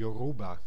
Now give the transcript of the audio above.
Yoruba